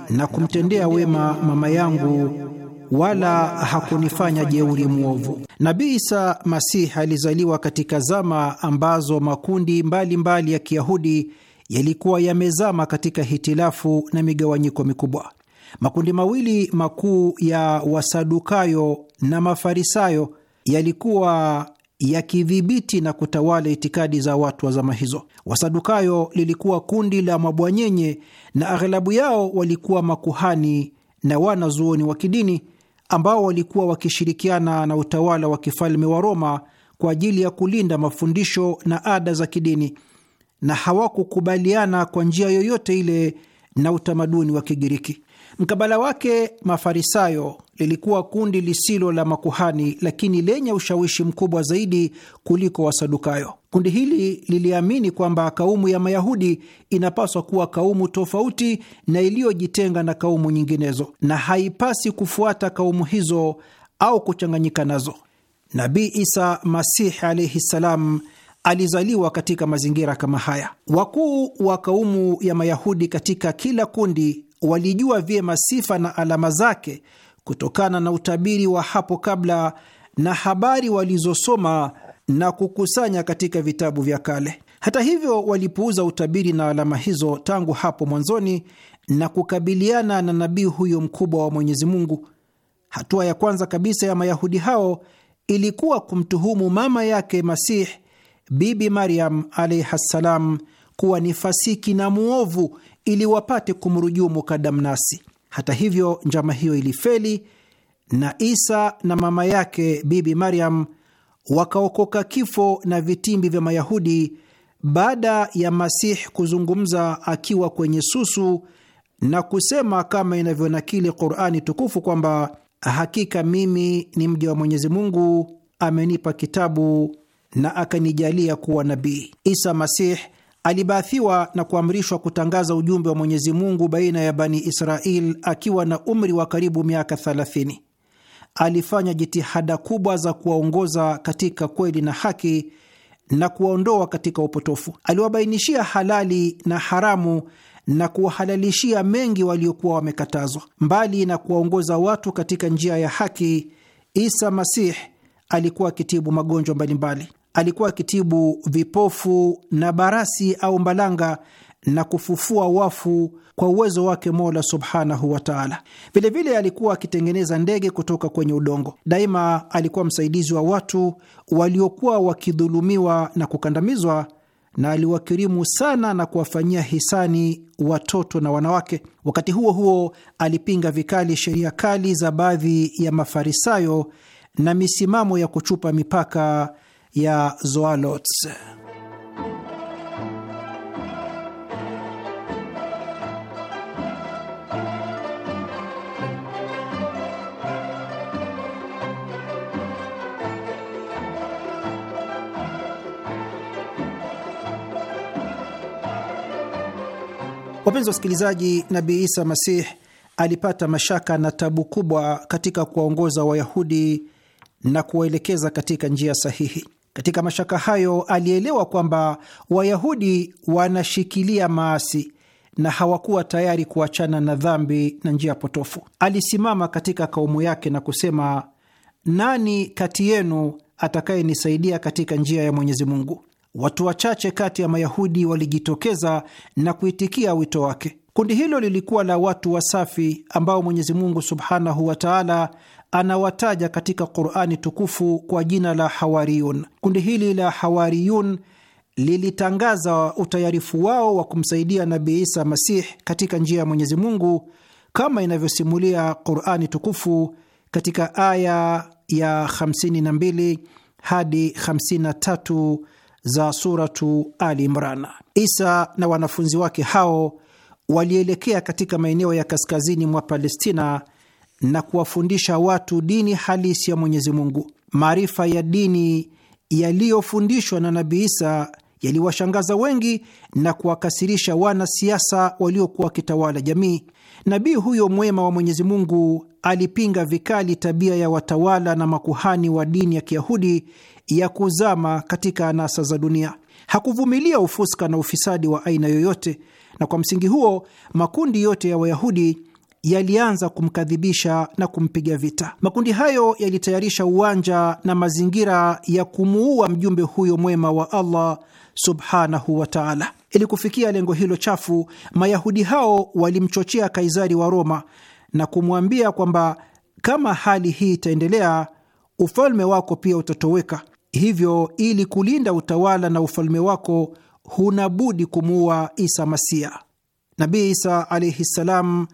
na kumtendea wema mama yangu wala hakunifanya jeuri mwovu. Nabii Isa Masih alizaliwa katika zama ambazo makundi mbalimbali mbali ya Kiyahudi yalikuwa yamezama katika hitilafu na migawanyiko mikubwa. Makundi mawili makuu ya Wasadukayo na Mafarisayo yalikuwa yakidhibiti na kutawala itikadi za watu wa zama hizo. Wasadukayo lilikuwa kundi la mabwanyenye na aghalabu yao walikuwa makuhani na wanazuoni wa kidini ambao walikuwa wakishirikiana na utawala wa kifalme wa Roma kwa ajili ya kulinda mafundisho na ada za kidini na hawakukubaliana kwa njia yoyote ile na utamaduni wa Kigiriki. Mkabala wake, Mafarisayo lilikuwa kundi lisilo la makuhani, lakini lenye ushawishi mkubwa zaidi kuliko Wasadukayo. Kundi hili liliamini kwamba kaumu ya Mayahudi inapaswa kuwa kaumu tofauti na iliyojitenga na kaumu nyinginezo, na haipasi kufuata kaumu hizo au kuchanganyika nazo. Nabii Isa Masihi alaihi ssalam alizaliwa katika mazingira kama haya. Wakuu wa kaumu ya Mayahudi katika kila kundi walijua vyema sifa na alama zake kutokana na utabiri wa hapo kabla na habari walizosoma na kukusanya katika vitabu vya kale. Hata hivyo, walipuuza utabiri na alama hizo tangu hapo mwanzoni na kukabiliana na nabii huyo mkubwa wa Mwenyezi Mungu. Hatua ya kwanza kabisa ya Mayahudi hao ilikuwa kumtuhumu mama yake Masihi Bibi mariam alaihi ssalam kuwa ni fasiki na mwovu ili wapate kumrujuu Mukadamnasi. Hata hivyo, njama hiyo ilifeli na Isa na mama yake Bibi Maryam wakaokoka kifo na vitimbi vya Mayahudi baada ya Masihi kuzungumza akiwa kwenye susu na kusema kama inavyonakili Qurani tukufu kwamba hakika mimi ni mja wa Mwenyezi Mungu, amenipa kitabu na akanijalia kuwa nabii. Isa Masih alibaathiwa na kuamrishwa kutangaza ujumbe wa Mwenyezi Mungu baina ya Bani Israel akiwa na umri wa karibu miaka 30. Alifanya jitihada kubwa za kuwaongoza katika kweli na haki na kuwaondoa katika upotofu. Aliwabainishia halali na haramu na kuwahalalishia mengi waliokuwa wamekatazwa. Mbali na kuwaongoza watu katika njia ya haki, Isa Masih alikuwa akitibu magonjwa mbalimbali alikuwa akitibu vipofu na barasi au mbalanga na kufufua wafu kwa uwezo wake Mola subhanahu wa taala. Vilevile alikuwa akitengeneza ndege kutoka kwenye udongo. Daima alikuwa msaidizi wa watu waliokuwa wakidhulumiwa na kukandamizwa, na aliwakirimu sana na kuwafanyia hisani watoto na wanawake. Wakati huo huo, alipinga vikali sheria kali za baadhi ya Mafarisayo na misimamo ya kuchupa mipaka ya Zoalots. Wapenzi wasikilizaji, Nabii Isa Masih alipata mashaka na tabu kubwa katika kuwaongoza Wayahudi na kuwaelekeza katika njia sahihi. Katika mashaka hayo, alielewa kwamba Wayahudi wanashikilia maasi na hawakuwa tayari kuachana na dhambi na njia potofu. Alisimama katika kaumu yake na kusema, nani kati yenu atakayenisaidia katika njia ya Mwenyezi Mungu? Watu wachache kati ya Mayahudi walijitokeza na kuitikia wito wake. Kundi hilo lilikuwa la watu wasafi ambao Mwenyezi Mungu subhanahu wa taala anawataja katika Qurani tukufu kwa jina la Hawariyun. Kundi hili la Hawariyun lilitangaza utayarifu wao wa kumsaidia Nabii Isa Masih katika njia ya Mwenyezi Mungu kama inavyosimulia Qurani tukufu katika aya ya 52 hadi 53 za Suratu Ali Imran. Isa na wanafunzi wake hao walielekea katika maeneo ya kaskazini mwa Palestina na kuwafundisha watu dini halisi ya Mwenyezi Mungu. Maarifa ya dini yaliyofundishwa na Nabii Isa yaliwashangaza wengi na kuwakasirisha wanasiasa waliokuwa wakitawala jamii. Nabii huyo mwema wa Mwenyezi Mungu alipinga vikali tabia ya watawala na makuhani wa dini ya Kiyahudi ya kuzama katika anasa za dunia. Hakuvumilia ufuska na ufisadi wa aina yoyote, na kwa msingi huo makundi yote ya Wayahudi yalianza kumkadhibisha na kumpiga vita. Makundi hayo yalitayarisha uwanja na mazingira ya kumuua mjumbe huyo mwema wa Allah subhanahu wa taala. Ili kufikia lengo hilo chafu, Mayahudi hao walimchochea Kaisari wa Roma na kumwambia kwamba kama hali hii itaendelea, ufalme wako pia utatoweka. Hivyo, ili kulinda utawala na ufalme wako, huna budi kumuua Isa Masia. Nabii Isa alaihi ssalam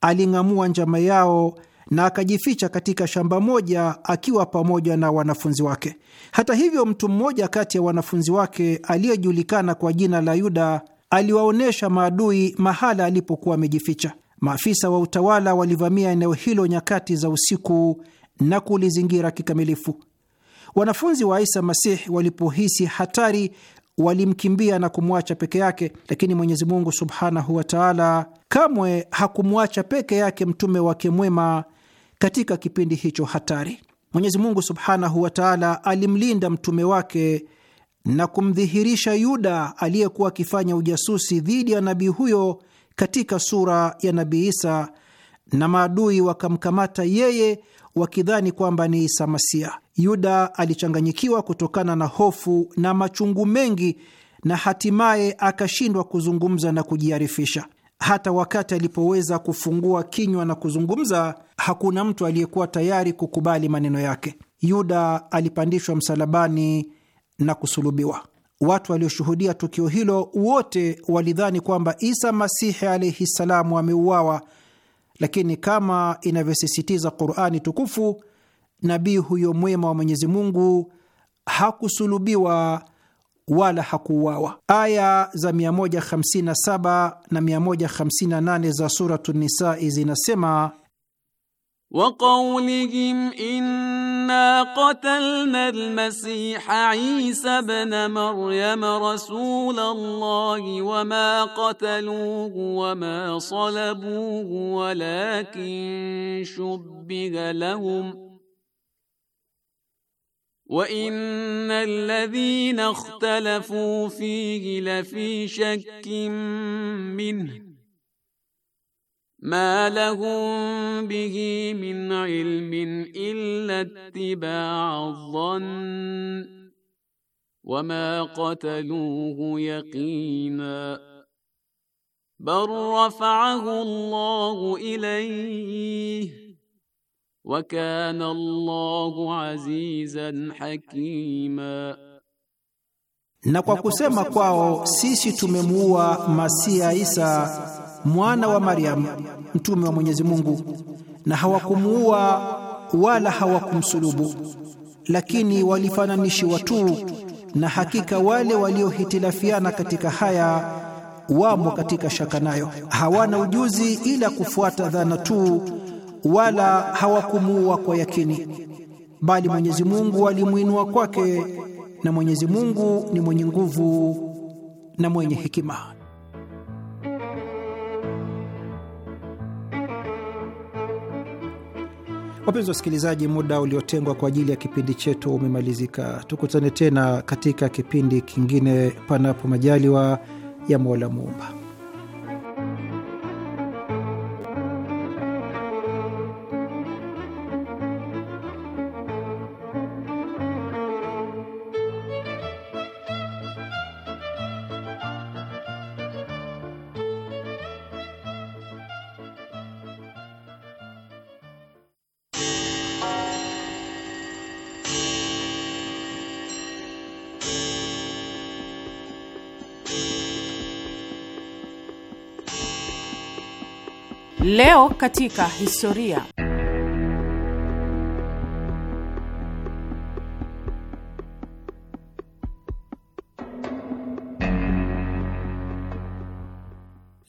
aling'amua njama yao na akajificha katika shamba moja akiwa pamoja na wanafunzi wake. Hata hivyo, mtu mmoja kati ya wanafunzi wake aliyejulikana kwa jina la Yuda aliwaonyesha maadui mahala alipokuwa amejificha. Maafisa wa utawala walivamia eneo hilo nyakati za usiku na kulizingira kikamilifu. Wanafunzi wa Isa masih walipohisi hatari, walimkimbia na kumwacha peke yake, lakini Mwenyezi Mungu subhanahu wa taala Kamwe hakumwacha peke yake mtume wake mwema katika kipindi hicho hatari. Mwenyezi Mungu subhanahu wa taala alimlinda mtume wake na kumdhihirisha Yuda aliyekuwa akifanya ujasusi dhidi ya nabii huyo katika sura ya Nabii Isa, na maadui wakamkamata yeye wakidhani kwamba ni Isa Masia. Yuda alichanganyikiwa kutokana na hofu na machungu mengi, na hatimaye akashindwa kuzungumza na kujiarifisha. Hata wakati alipoweza kufungua kinywa na kuzungumza, hakuna mtu aliyekuwa tayari kukubali maneno yake. Yuda alipandishwa msalabani na kusulubiwa. Watu walioshuhudia tukio hilo wote walidhani kwamba Isa Masihi alaihi ssalamu ameuawa, lakini kama inavyosisitiza Qurani Tukufu, nabii huyo mwema wa Mwenyezi Mungu hakusulubiwa wala hakuuawa. Aya za 157 na 158 za Suratu Nisai zinasema wa qawlihim inna qatalna almasiha Isa ibn Maryam rasulallahi wama qataluhu wama salabuhu walakin shubbiha lahum وان الذين اختلفوا فيه لفي شك منه ما لهم به من علم الا اتباع الظن وما قتلوه يقينا بل رفعه الله اليه wa kana Allahu azizan hakima. Na kwa kusema kwao sisi tumemuua Masia Isa mwana wa Maryam mtume wa Mwenyezi Mungu, na hawakumuua wala hawakumsulubu, lakini walifananishi watu, na hakika wale waliohitilafiana katika haya wamo katika shaka, nayo hawana ujuzi ila kufuata dhana tu wala hawakumuua kwa yakini, bali Mwenyezi Mungu alimwinua kwake, na Mwenyezi Mungu ni mwenye nguvu na mwenye hekima. Wapenzi wasikilizaji, muda uliotengwa kwa ajili ya kipindi chetu umemalizika. Tukutane tena katika kipindi kingine, panapo majaliwa ya Mola Muumba. Leo katika historia.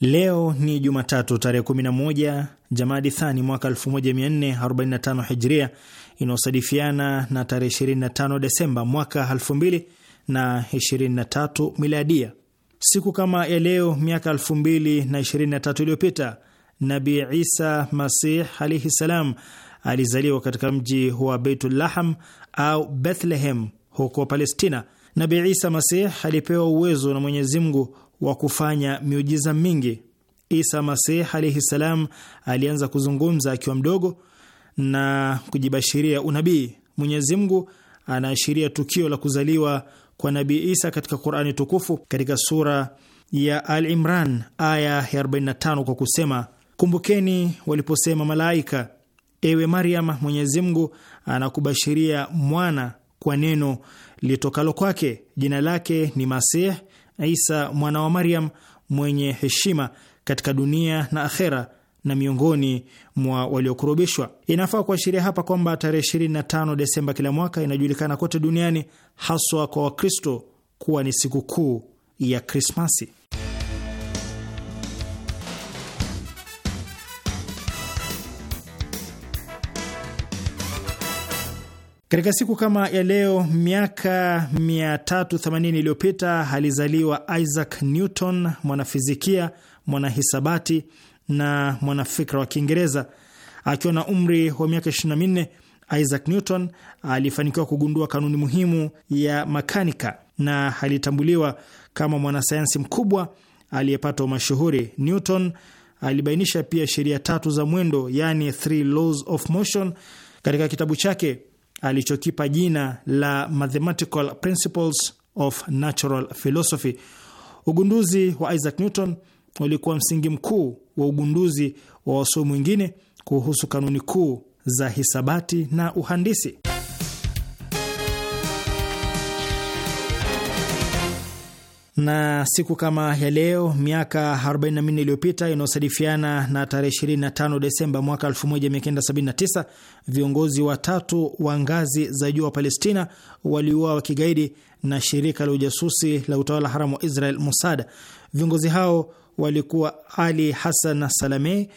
Leo ni Jumatatu tarehe 11 Jamadi Thani mwaka 1445 Hijria, inayosadifiana na tarehe 25 Desemba mwaka 2023 Miladia. Siku kama ya leo miaka 2023 iliyopita Nabi Isa Masih alaihi salam alizaliwa katika mji wa Beitulaham au Bethlehem huko Palestina. Nabi Isa Masih alipewa uwezo na Mwenyezi Mungu wa kufanya miujiza mingi. Isa Masih alaihi salam alianza kuzungumza akiwa mdogo na kujibashiria unabii. Mwenyezi Mungu anaashiria tukio la kuzaliwa kwa nabi Isa katika Qurani tukufu katika sura ya Al Imran aya ya 45 kwa kusema Kumbukeni waliposema malaika, ewe mariam Mwenyezi Mungu anakubashiria mwana kwa neno litokalo kwake, jina lake ni Masih Isa mwana wa mariam mwenye heshima katika dunia na akhera na miongoni mwa waliokurubishwa. Inafaa kuashiria hapa kwamba tarehe 25 Desemba kila mwaka inajulikana kote duniani, haswa kwa Wakristo, kuwa ni sikukuu ya Krismasi. Katika siku kama ya leo miaka 380 iliyopita alizaliwa Isaac Newton, mwanafizikia, mwanahisabati na mwanafikra wa Kiingereza. Akiwa na umri wa miaka 24, Isaac Newton alifanikiwa kugundua kanuni muhimu ya makanika na alitambuliwa kama mwanasayansi mkubwa aliyepata mashuhuri. Newton alibainisha pia sheria tatu za mwendo, yani three laws of motion, katika kitabu chake alichokipa jina la Mathematical Principles of Natural Philosophy. Ugunduzi wa Isaac Newton ulikuwa msingi mkuu wa ugunduzi wa wasomi wengine kuhusu kanuni kuu za hisabati na uhandisi. na siku kama ya leo miaka 44 iliyopita inayosadifiana na tarehe 25 Desemba mwaka 1979 viongozi watatu wa ngazi za juu wa Palestina waliuawa wa kigaidi na shirika la ujasusi la utawala haramu wa Israel, Mossad. Viongozi hao walikuwa Ali Hassan salamei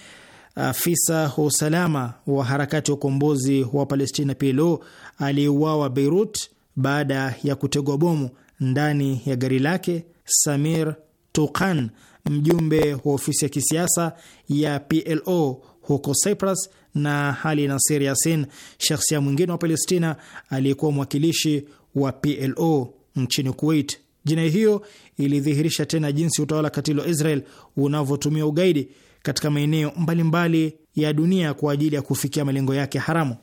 afisa wa usalama wa harakati ya ukombozi wa Palestina PLO, aliyeuawa Beirut baada ya kutegwa bomu ndani ya gari lake Samir Tukan, mjumbe wa ofisi ya kisiasa ya PLO huko Cyprus, na hali Nasir Yasin, shakhsia mwingine wa Palestina aliyekuwa mwakilishi wa PLO nchini Kuwait. Jinai hiyo ilidhihirisha tena jinsi utawala katili wa Israel unavyotumia ugaidi katika maeneo mbalimbali ya dunia kwa ajili ya kufikia malengo yake haramu.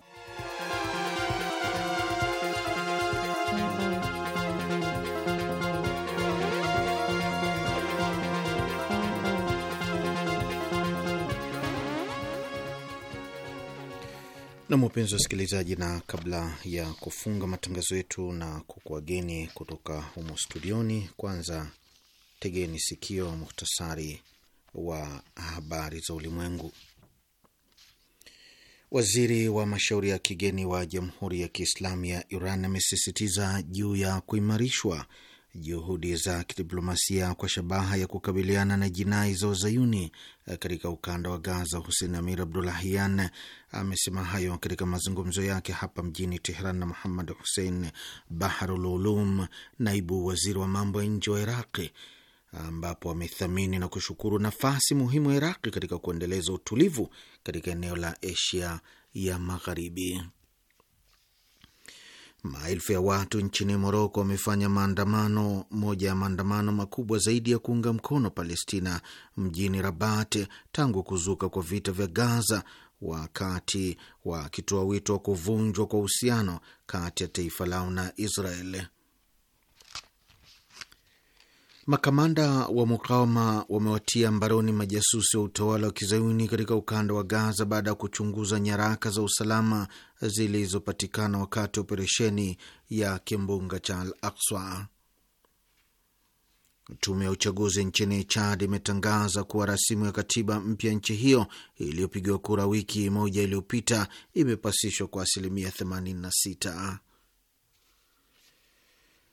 na wapenzi wasikilizaji, na kabla ya kufunga matangazo yetu na kukuageni kutoka humo studioni, kwanza tegeni sikio muhtasari wa habari za ulimwengu. Waziri wa mashauri ya kigeni wa Jamhuri ya Kiislamu ya Iran amesisitiza juu ya kuimarishwa juhudi za kidiplomasia kwa shabaha ya kukabiliana na jinai za Uzayuni katika ukanda wa Gaza. Hussein Amir Abdulahian amesema hayo katika mazungumzo yake hapa mjini teheran na Muhammad Hussein Baharul Ulum, naibu waziri wa mambo ya nje wa Iraqi, ambapo amethamini na kushukuru nafasi muhimu ya Iraqi katika kuendeleza utulivu katika eneo la Asia ya Magharibi. Maelfu ya watu nchini Moroko wamefanya maandamano, moja ya maandamano makubwa zaidi ya kuunga mkono Palestina mjini Rabat tangu kuzuka kwa vita vya Gaza, wakati wakitoa wito wa kuvunjwa kwa uhusiano kati ya taifa lao na Israeli. Makamanda wa mukawama wamewatia mbaroni majasusi wa utawala wa kizayuni katika ukanda wa Gaza baada ya kuchunguza nyaraka za usalama zilizopatikana wakati wa operesheni ya kimbunga cha Al Aqsa. Tume ya uchaguzi nchini Chad imetangaza kuwa rasimu ya katiba mpya nchi hiyo iliyopigiwa kura wiki moja iliyopita imepasishwa kwa asilimia 86.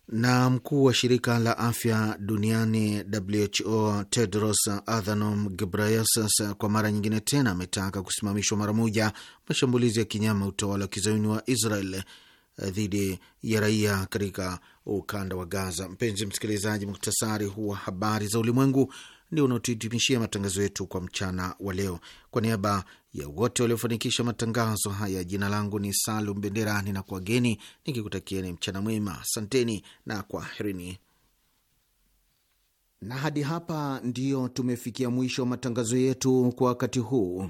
Na mkuu wa shirika la afya duniani WHO Tedros Adhanom Ghebreyesus kwa mara nyingine tena ametaka kusimamishwa mara moja mashambulizi ya kinyama utawala wa kizayuni wa Israel dhidi ya raia katika ukanda wa Gaza. Mpenzi msikilizaji, muktasari huu wa habari za ulimwengu ndio unaotuhitimishia matangazo yetu kwa mchana wa leo. Kwa niaba ya wote waliofanikisha matangazo haya, jina langu ni Salum ni na nikikutakia nikikutakieni mchana mwema. Asanteni na kwaherini. Na hadi hapa ndiyo tumefikia mwisho wa matangazo yetu kwa wakati huu.